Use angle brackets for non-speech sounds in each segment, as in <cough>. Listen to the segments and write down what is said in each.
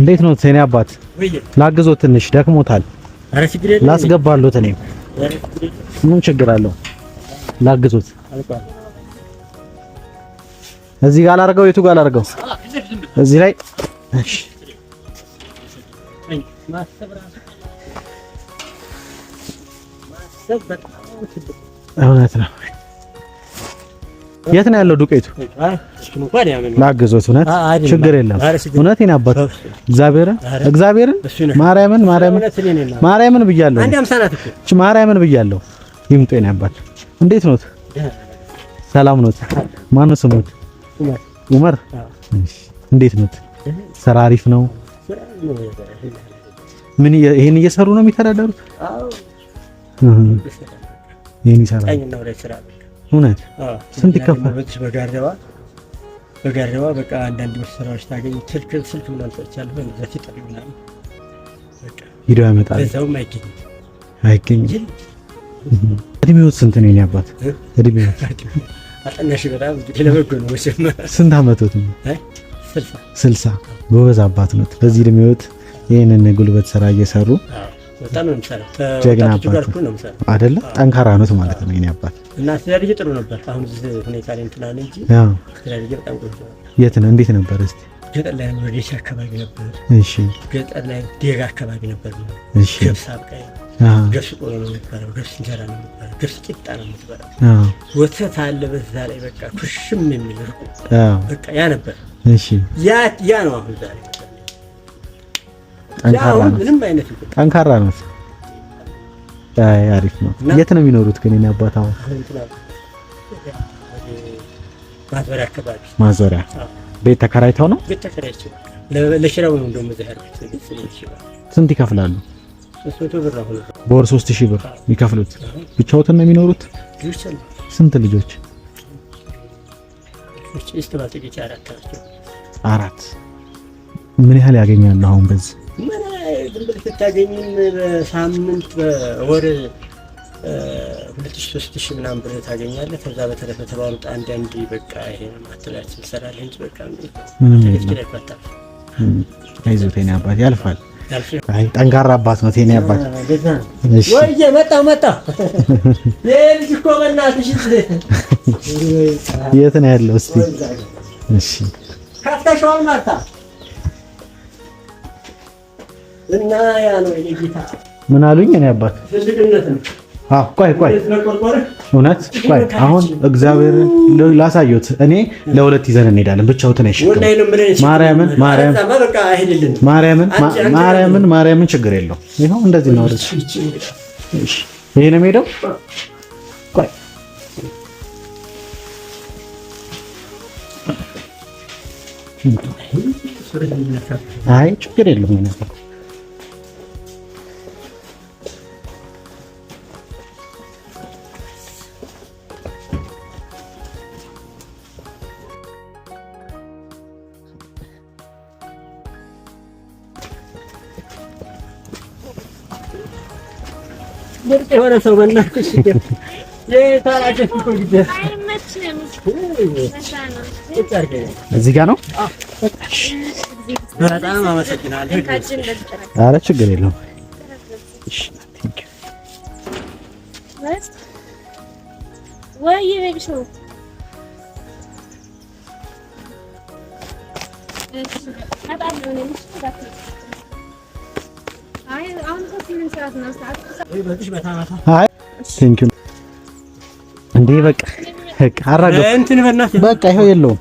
እንዴት ነው የኔ አባት? ላግዞ ትንሽ ደክሞታል። ላስገባሎት እኔም ምን ችግር አለው? ላግዞት እዚህ ጋር አላርገው፣ የቱ ጋር አላርገው? እዚህ ላይ እሺ። እውነት ነው። የት ነው ያለው ዱቄቱ? ላግዞት። እውነት ችግር የለም። እውነቴን አባት እግዚአብሔርን እግዚአብሔርን ማርያምን ማርያምን ማርያምን ብያለሁ። ማርያምን ብያለሁ። ይምጡ የኔ አባት። እንዴት ነው? ሰላም ነው? ማነው ስሞት? ዑመር። እንዴት ነው? ስራ አሪፍ ነው? ምን ይሄን እየሰሩ ነው የሚተዳደሩት? ይሄን ይሰራል እውነት ስንት ይከፋል? በጋሪዋ በጋሪዋ በቃ አንዳንድ መሰራዎች ታገኝ ስልክ ስልክ ሂዶ ያመጣል። እድሜዎት ስንት ነው የኔ አባት? በጣም ነው። ስንት አመቶት ነው? ስልሳ ጎበዝ አባት ነው። በዚህ እድሜዎት ይህንን ጉልበት ስራ እየሰሩ በጣም ነው የሚሰራው። ጀግና አባት አይደለ? ጠንካራ ነው ማለት ነው። የእኔ አባት እና ስለልጅ ጥሩ ነበር። አሁን እዚህ ሁኔታ ላይ እንትና ነው እንጂ ስለልጅ በጣም ቆንጆ ነው። የት ነው እንዴት ነበር እስቲ? ገጠር ላይ ነው ደሴ አካባቢ ነበር። እሺ፣ ገጠር ላይ ዴጋ አካባቢ ነበር። እሺ፣ ገብስ አብቃይ፣ ገብስ ቆሎ ነው የሚባለው፣ ገብስ እንጀራ ነው የሚባለው፣ ገብስ ቂጣ ነው የሚባለው። ወተት አለ በዛ ላይ በቃ ኩሽም የሚል በቃ ያ ነበር። እሺ፣ ያ ያ ነው አሁን ዛሬ ጠንካራ ነው። አይ አሪፍ ነው። የት ነው የሚኖሩት ግን? እኔ አባት አሁን ማዞሪያ ቤት ተከራይተው ነው። ስንት ይከፍላሉ? በወር ሶስት ሺህ ብር የሚከፍሉት። ብቻዎትን ነው የሚኖሩት? ስንት ልጆች? አራት። ምን ያህል ያገኛሉ አሁን በዚህ ምን ዝም ብለህ ብታገኝም በሳምንት በወር ሁለት ሺ ሦስት ሺህ ምናምን ብር ታገኛለህ። ከዛ በተረፈ ተሯሩጥ አንዳንድ በቃ ይሄ ማትላት ትሰራለህ እንጂ በቃ አይዞህ ቴኔ አባት ያልፋል። ጠንካራ አባት ነው ቴኔ አባት። ወይዬ መጣሁ መጣሁ። <laughs> ልጅ እኮ በእናትሽ የት ነው ያለው? እስኪ ከፍተሽዋል ማታ እና ያ ነው ጌታ። ምን አሉኝ? እኔ አባት ትልቅነት ነው። ቆይ ቆይ፣ እውነት ቆይ፣ አሁን እግዚአብሔር ላሳየሁት። እኔ ለሁለት ይዘን እንሄዳለን፣ ብቻውትን አይሸከም። ማርያምን ማርያምን ማርያምን ማርያምን ችግር የለው። ይኸው እንደዚህ ነው። እሺ፣ ይሄ ነው የምሄደው። ቆይ አይ ችግር የለውም። የሆነ ሰው በእናትሽ እዚህ ጋ ነው። በጣም አመሰግናለሁ። ኧረ ችግር የለውም። ወይ እንዴ በቃ በቃ ይኸው የለውም።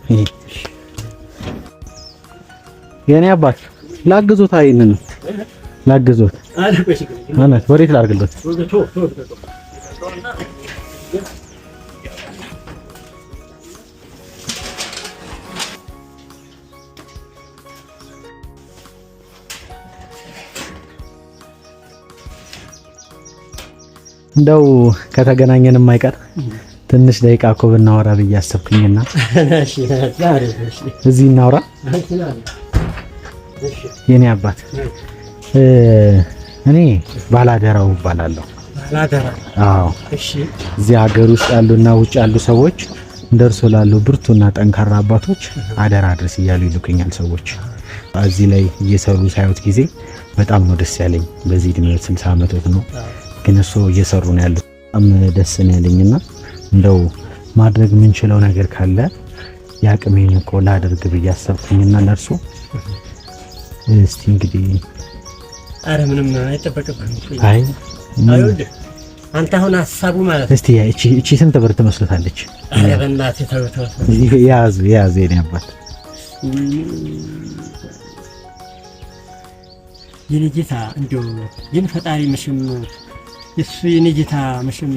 የኔ አባት ላግዞት፣ አይንን ላግዞት፣ ወዴት ላርግሎት? እንደው ከተገናኘን የማይቀር ትንሽ ደቂቃ እኮ ብናወራ ብዬ አሰብኩኝና እዚህ እናውራ። የኔ አባት እኔ ባላደራው እባላለሁ። አዎ፣ እዚህ ሀገር ውስጥ ያሉና ውጭ ያሉ ሰዎች እንደርሶ ላሉ ብርቱና ጠንካራ አባቶች አደራ አድርስ እያሉ ይልኩኛል ሰዎች። እዚህ ላይ እየሰሩ ሳዩት ጊዜ በጣም ነው ደስ ያለኝ። በዚህ እድሜዎት ስልሳ ዓመቶት ነው ግን እሱ እየሰሩ ነው ያሉት። በጣም ደስ ነው ያለኝና እንደው ማድረግ የምንችለው ነገር ካለ የአቅሜን እኮ ላደርግ ብዬ አሰብኩኝና ለእርሱ እስቲ እንግዲህ አረ ምንም አይጠበቅብህም። አይ አንተ አሁን ሀሳቡ ማለት እስቲ እቺ ስንት ብር ትመስሉታለች? አረ በእናትህ ተው ተው ያዝ ያዝ የኔ አባት የኔ ጌታ እንደው ግን ፈጣሪ መቼም የሱ የኔ ጌታ መቼም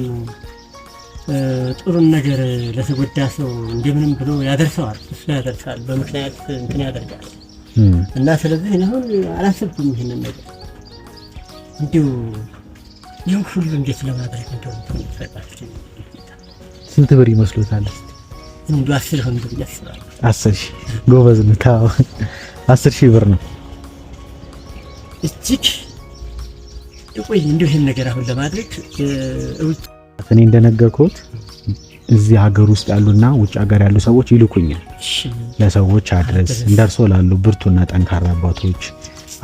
ጥሩን ነገር ለተጎዳ ሰው እንደምንም ብሎ ያደርሰዋል። እሱ ያደርሰዋል፣ በምክንያት እንትን ያደርጋል። እና ስለዚህ አሁን አላሰብኩም ይህንን ነገር እንዲሁ ይህም ሁሉ እንዴት ለማድረግ እንደሆነ ስንት ብር ይመስሎታል? እንዲ አስር ሆን ብዬ አስባለሁ። አስር ሺህ ጎበዝ ነው። አስር ሺህ ብር ነው እጅግ ቆይ እንዲሁ ይህን ነገር አሁን ለማድረግ እኔ እንደነገርኩት እዚህ ሀገር ውስጥ ያሉና ውጭ ሀገር ያሉ ሰዎች ይልኩኛል። ለሰዎች አድረስ እንደርሶ ላሉ ብርቱና ጠንካራ አባቶች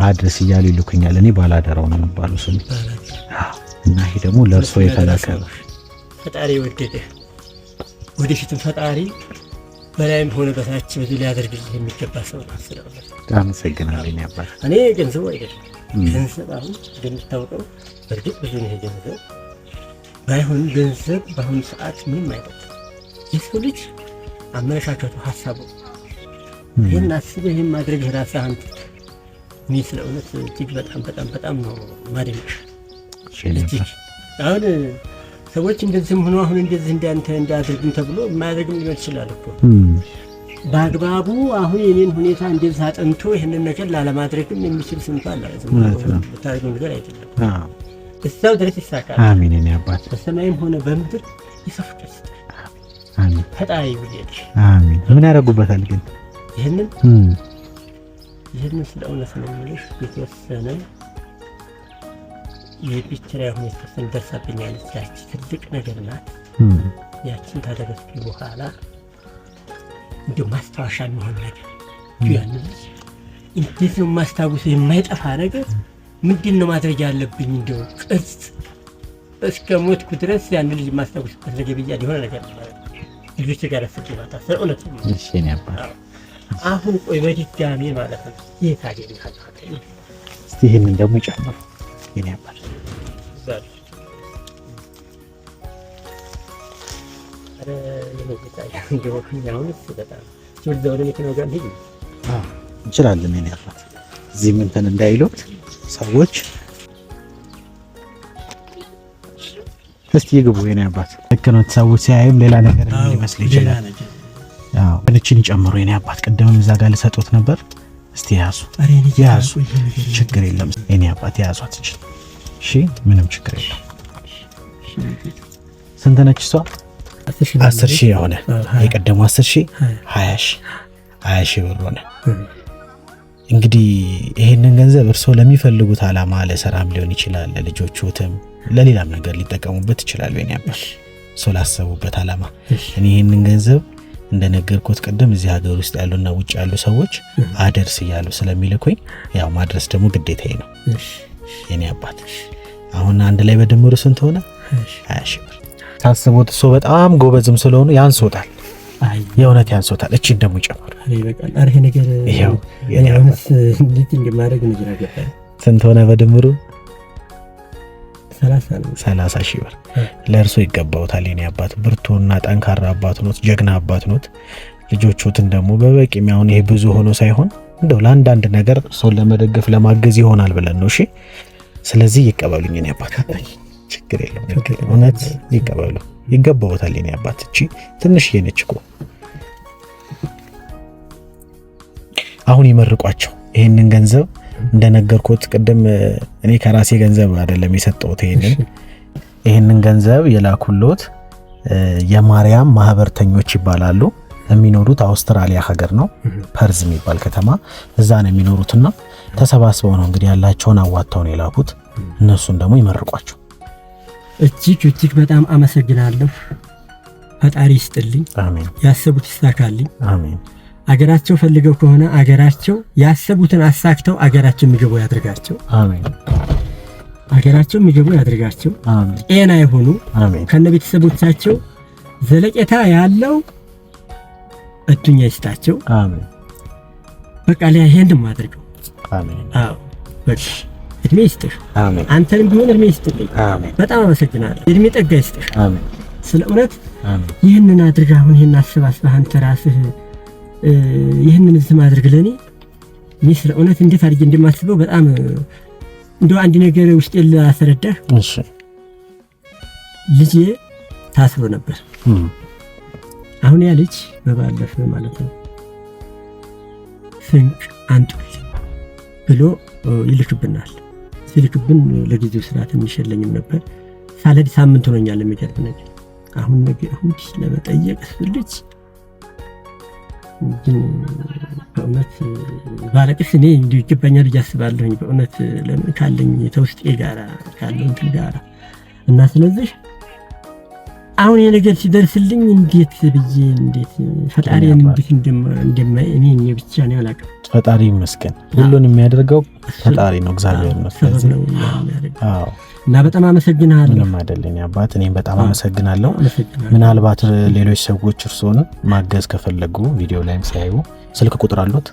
አድረስ እያሉ ይልኩኛል። እኔ ባላደራው ነው የሚባሉ ስም እና ይሄ ደግሞ ለእርሶ የተላከ ፈጣሪ ወደደ። ወደፊትም ፈጣሪ በላይም ሆነ በታች ብዙ ሊያደርግልህ የሚገባ ሰው ነው። አመሰግናለሁ። እኔ ገንዘቡ አይደለም ገንዘብ አሁን እንደሚታወቀው በእርግጥ ብዙ ነው ገንዘብ ባይሆን ገንዘብ በአሁኑ ሰዓት ምንም አይደለም። የሰው ልጅ አመለካከቱ፣ ሀሳቡ ይህን ይህን ማድረግ እኔ ስለ እውነት እጅግ በጣም በጣም በጣም ነው አሁን ሰዎች እንደዚህም ሆኖ አሁን እንደዚህ እንዳንተ እንዳያደርግም ተብሎ የማያደርግም ሊሆን ይችላል እኮ በአግባቡ አሁን የኔን ሁኔታ እንዴት አጥንቶ ይህንን ነገር ላለማድረግም የሚችል ስንቷል ታሪክ ነገር አይደለም። እዛው ድረስ ይሳካል። አሚን። እኔ አባት በሰማይም ሆነ በምድር የሰፉ ደስታ ፈጣሪ ብልሄድ አሚን። ምን ያደርጉበታል ግን ይህንን ይህንን ስለ እውነት ነው የምልሽ የተወሰነ የቤት ኪራይ ሁኔታ ስንደርሳብኝ ያለች ያቺ ትልቅ ነገር ናት። ያችን ታደረስኩ በኋላ እንደ ማስታወሻ የሚሆን ነገር ያንን እንዴት ነው ማስታወስ የማይጠፋ ነገር ምንድን ነው ማድረግ ያለብኝ? እንደው ቅርጽ እስከ ሞትኩ ድረስ ያን ልጅ ማስታወስበት ነገር ብያ ሊሆነ ነገር ልጆች ጋር ፍቅ ይመጣ ስለ እውነት አሁን ቆይ በድጋሚ ማለት ነው ይህ ታገኝ እስቲ ይህንን ደግሞ ይጨምሩ ይኔ እንችላለን ኔ ያላት እዚህም እንትን እንዳይሉት ሰዎች እስቲ ግቡ የኔ አባት ልክ ነው። ሰዎች ሌላ ነገር ሊመስል ይችላል። እንችን ይጨምሩ። የኔ አባት ቅድምም እዛ ጋር ልሰጡት ነበር። እስቲ ያዙ፣ ያዙ፣ ችግር የለም የኔ አባት ያዟት። እሺ፣ ምንም ችግር የለም። ስንት ነች እሷ? አስር ሺህ ሆነ። የቀደሙ አስር ሺህ ሀያ ሺህ ሀያ ሺህ ብር ሆነ። እንግዲህ ይሄንን ገንዘብ እርስዎ ለሚፈልጉት ዓላማ ለሰራም ሊሆን ይችላል፣ ለልጆቹትም ለሌላም ነገር ሊጠቀሙበት ይችላሉ። ኔያምሽ ሰው ላሰቡበት ዓላማ እኔ ይህንን ገንዘብ እንደነገርኩት ቅድም እዚህ ሀገር ውስጥ ያሉና ውጭ ያሉ ሰዎች አደርስ እያሉ ስለሚልኩኝ ያው ማድረስ ደግሞ ግዴታዬ ነው። የኔ አባት አሁን አንድ ላይ በድምሩ ስንት ሆነ? ሀያ ሺህ ታስቦት እሱ በጣም ጎበዝም ስለሆኑ ያንሶታል፣ የእውነት ያንሶታል። እቺን ደግሞ ይጨምሩ። ስንት ሆነ በድምሩ? ሰላሳ ሺህ ብር ለእርሶ ይገባውታል። የኔ አባት ብርቱና ጠንካራ አባት ኖት፣ ጀግና አባት ኖት። ልጆቹትን ደግሞ በበቂ የሚያሁን ይሄ ብዙ ሆኖ ሳይሆን እንደው ለአንዳንድ ነገር ሰውን ለመደገፍ ለማገዝ ይሆናል ብለን ነው። እሺ፣ ስለዚህ ይቀበሉኝ የኔ አባት። ችግር የለም እውነት ይቀበሉ ይገባውታል። የኔ አባት እቺ ትንሽ ነች እኮ አሁን ይመርቋቸው ይህንን ገንዘብ እንደነገርኩት ቅድም እኔ ከራሴ ገንዘብ አይደለም የሰጠሁት። ይሄንን ይሄንን ገንዘብ የላኩሎት የማርያም ማህበርተኞች ይባላሉ። የሚኖሩት አውስትራሊያ ሀገር ነው፣ ፐርዝ የሚባል ከተማ እዛ ነው የሚኖሩትና ተሰባስበው ነው እንግዲህ ያላቸውን አዋጥተው ነው የላኩት። እነሱን ደግሞ ይመርቋቸው። እጅግ እጅግ በጣም አመሰግናለሁ። ፈጣሪ ይስጥልኝ፣ ያሰቡት ይሳካልኝ። አገራቸው ፈልገው ከሆነ አገራቸው ያሰቡትን አሳክተው አገራቸው የሚገቡ ያድርጋቸው። አገራቸው የሚገቡ ያድርጋቸው። ጤና የሆኑ ከነ ቤተሰቦቻቸው ዘለቄታ ያለው እዱኛ ይስጣቸው። በቃ ላይ ይሄን አድርገው። አዎ በቃ እድሜ ይስጥሽ። አንተንም ቢሆን እድሜ ይስጥልኝ። አሜን። በጣም አመሰግናለሁ። እድሜ ጠጋ ይስጥሽ። ስለ እውነት ይህንን አድርግ። አሁን ይህን አሰባስበህ አንተ ራስህ ይህንን እዚህ ማድረግ ለእኔ እኔ ስለ እውነት እንዴት አድርጌ እንደማስበው በጣም እንደው አንድ ነገር ውስጤ ላስረዳህ። ልጄ ታስሮ ነበር። አሁን ያ ልጅ በባለፈ ማለት ነው ፍንጭ አንጡልኝ ብሎ ይልክብናል። ሲልክብን ለጊዜው ስርዓት የሚሸለኝም ነበር። ሳለድ ሳምንት ሆኖኛል። የሚገርም ነገር አሁን ነገ እሑድ ለመጠየቅ ስልች ግን በእውነት ባለቅስ እኔ እንዲ ይገባኛል ብዬ አስባለሁኝ። በእውነት ለምን ካለኝ ተውስጤ ጋራ ካለው እንትን ጋራ እና ስለዚህ አሁን የነገር ሲደርስልኝ እንዴት ብዬ እንዴት ፈጣሪ እንዴት እንደማ እኔ እኔ ብቻ ነው ያላቀ ፈጣሪ ይመስገን ሁሉን የሚያደርገው ፈጣሪ ነው እግዚአብሔር ነው። ስለዚህ እና በጣም አመሰግናለሁ። ምንም አይደለኝ አባት፣ እኔም በጣም አመሰግናለሁ። ምናልባት ሌሎች ሰዎች እርስዎን ማገዝ ከፈለጉ ቪዲዮ ላይም ሲያዩ ስልክ ቁጥር አሉት?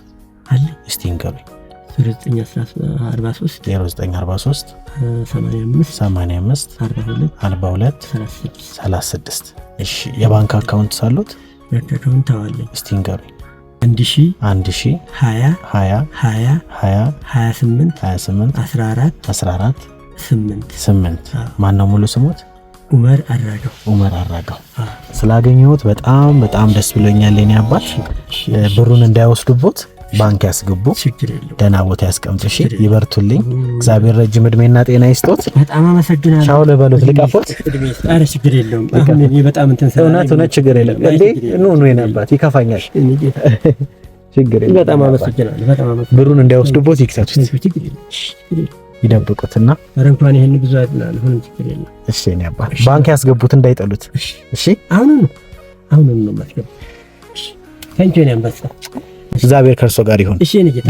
አለ። እስቲ ንገሩኝ። እሺ የባንክ አካውንት ሳሉት ባንክ አካውንት አዋለኝ እስቲ አንድ ሺ አንድ ሺ ሀያ ሀያ ሀያ ሀያ ሀያ ስምንት ሀያ ስምንት አስራ አራት አስራ አራት ስምንት ስምንት ማን ነው ሙሉ ስሞት? ኡመር አራጋው ኡመር አራጋው ስላገኘሁት በጣም በጣም ደስ ብሎኛል። የኔ አባት ብሩን እንዳይወስዱቦት ባንክ ያስገቡ፣ ደህና ቦታ ያስቀምጥሽ። ይበርቱልኝ። እግዚአብሔር ረጅም እድሜና ጤና ይስጦት። በጣም አመሰግናለሁ። ቻው ልበሉት፣ ልቀፉት። ኧረ ችግር የለውም። በጣም እንትን እውነት እውነት ችግር የለም። እንዴ ኑ ኑ፣ የነባት ይከፋኛል። <laughs> ችግር የለም። በጣም አመሰግናለሁ። በጣም አመሰግናለሁ። ብሩን እንዳይወስዱቦት ይክተቱት፣ ይደብቁትና ኧረ እንኳን ይሄን ብዙ አይደለም። አሁን ችግር የለም። እሺ እኔ አባ ባንክ ያስገቡት እንዳይጠሉት። እሺ አሁን ነው አሁን ነው ማስገብ። ታንኪዩ ነው አንበሳ እግዚአብሔር ከእርሶ ጋር ይሁን።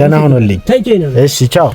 ደህና ሁኑልኝ። እሺ ቻው።